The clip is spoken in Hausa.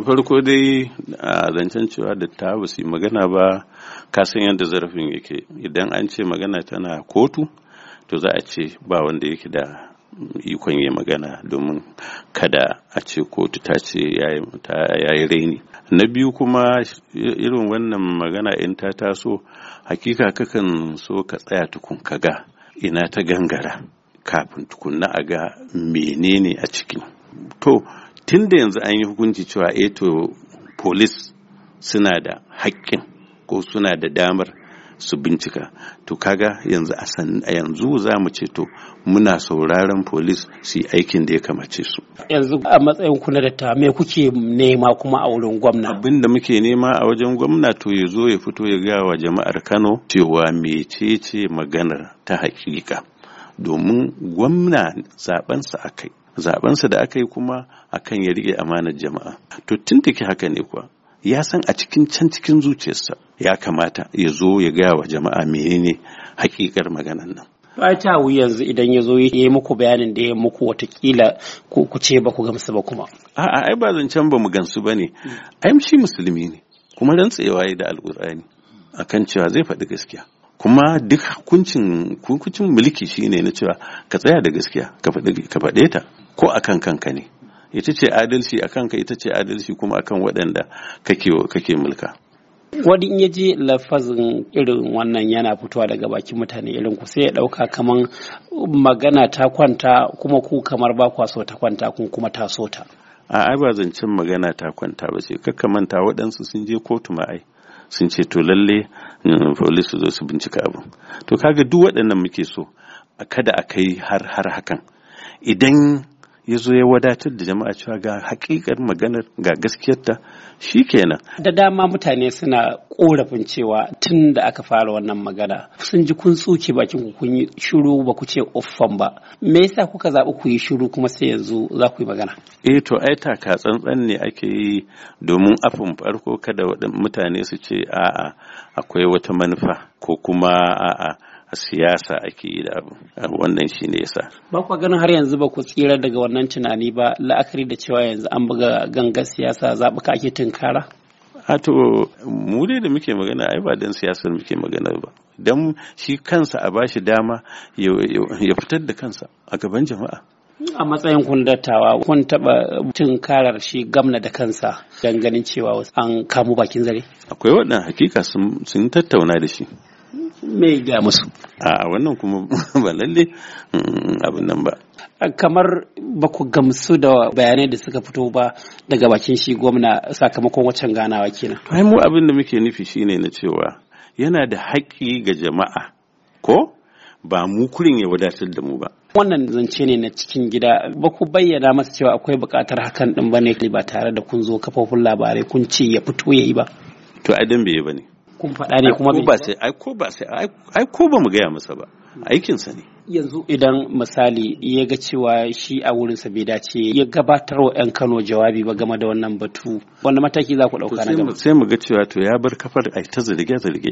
da farko dai a zancen cewa da ta yi magana ba kasan yadda zarafin yake idan an ce magana tana kotu to za a ce ba wanda yake da ikon yi magana domin kada a ce kotu ta ce ya yi raini na biyu kuma irin wannan magana in ta taso hakika kakan so ka tsaya tukun kaga ina ta gangara kafin tukunna a ga menene a cikin to tun da yanzu an yi hukunci cewa eto eh to suna da haƙƙin ko suna da damar su bincika to kaga yanzu a yanzu za mu ce to muna sauraron polis su yi aikin da ya kamace su yanzu a matsayin ku na dattawa me kuke nema kuma a wurin gwamna abin da muke nema a wajen gwamna to ya zo ya fito ya ga wa jama'ar kano cewa ce maganar ta hakika domin gwamna zabensa a kai zabensa da aka yi kuma akan ya rike amanar jama'a to tuntuki haka ne kuwa ya san a cikin can cikin zuciyarsa ya kamata ya zo ya gaya wa jama'a menene hakikar maganar nan ai ta yanzu idan ya zo ya yi muku bayanin da ya muku watakila ku ce ba ku gamsu ba kuma a'a ai ba zancen ba mu gamsu ba ne ai shi musulmi ne kuma rantsewa ya da alkur'ani akan cewa zai faɗi gaskiya kuma duk hukuncin mulki shine na cewa ka tsaya da gaskiya ka faɗe ta ko akan kanka ne ita ce adalci akan ka ita ce adalci kuma akan waɗanda kake kake mulka wani in ya lafazin irin wannan yana fitowa daga bakin mutane irin ku sai ya ɗauka kaman magana ta kwanta kuma ku kamar ba kwa so ta kwanta kun kuma ta so ta a ai ba zancen magana ta kwanta ba sai kakka manta waɗansu sun je kotu ma ai sun ce to lalle mm, police su zo su bincika abin to kaga duk waɗannan muke so kada a kai har har hakan idan ya zo ya wadatar da jama'a cewa ga hakikar maganar ga gaskiyar gaskiyarta kenan. da dama mutane suna korafin cewa tun da aka fara wannan magana sun ji kun tsuke bakin ku kun yi shiru ba ku ce uffan ba me yasa kuka zaɓi ku yi shiru kuma sai yanzu za ku yi magana eh to ai taka tsantsan ne ake yi domin afin farko kada mutane su ce a'a akwai wata manufa ko kuma a'a A siyasa ake yi da abu wannan shi ne yasa ba ku ganin har yanzu ba ku tsira daga wannan tunani ba la'akari da cewa yanzu an buga gangan siyasa zaɓuka ake tunkara to mu dai da muke magana ai ba dan siyasar muke magana ba dan shi kansa a bashi dama ya fitar da kansa a gaban jama'a a matsayin kun dattawa kun taba cin karar shi gamna da kansa don ganin cewa an kamu bakin zare akwai waɗannan hakika sun tattauna da shi me ga musu a wannan kuma ba lalle mm, abin nan ba kamar ba ku gamsu da bayanai da suka fito ba daga bakin shi gwamna sakamakon wacan ganawa kenan ai mu abin da muke nufi shine na cewa yana da haƙƙi ga jama'a ko ba mu kurin ya wadatar da mu ba. Wannan zance ne na cikin gida ba ku bayyana masa cewa akwai buƙatar hakan din ba ne ba tare da kun zo kafofin labarai kun ce ya fito ya yi ba. To ai dan bai ba ne. kun faɗa ne kuma ba sai ai ko ba sai ai ko ba mu gaya masa ba aikinsa ne yanzu idan misali ya ga cewa shi a wurinsa bai dace ya gabatar wa 'yan kano jawabi ba game da wannan batu wanda mataki za ku ɗauka na gaba sai mu ga cewa to ya bar kafar ai ta zirge-zirge